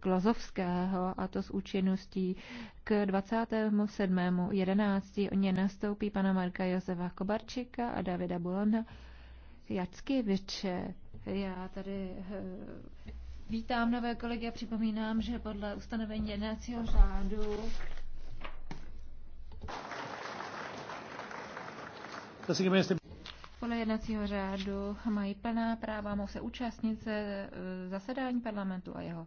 Klozovského, a to s účinností k 27.11. O ně nastoupí pana Marka Josefa Kobarčika a Davida Bulana Jackiviče. Já tady eh, vítám nové kolegy a připomínám, že podle ustanovení jednacího řádu podle jednacího řádu mají plná práva, mohou se účastnit eh, zasedání parlamentu a jeho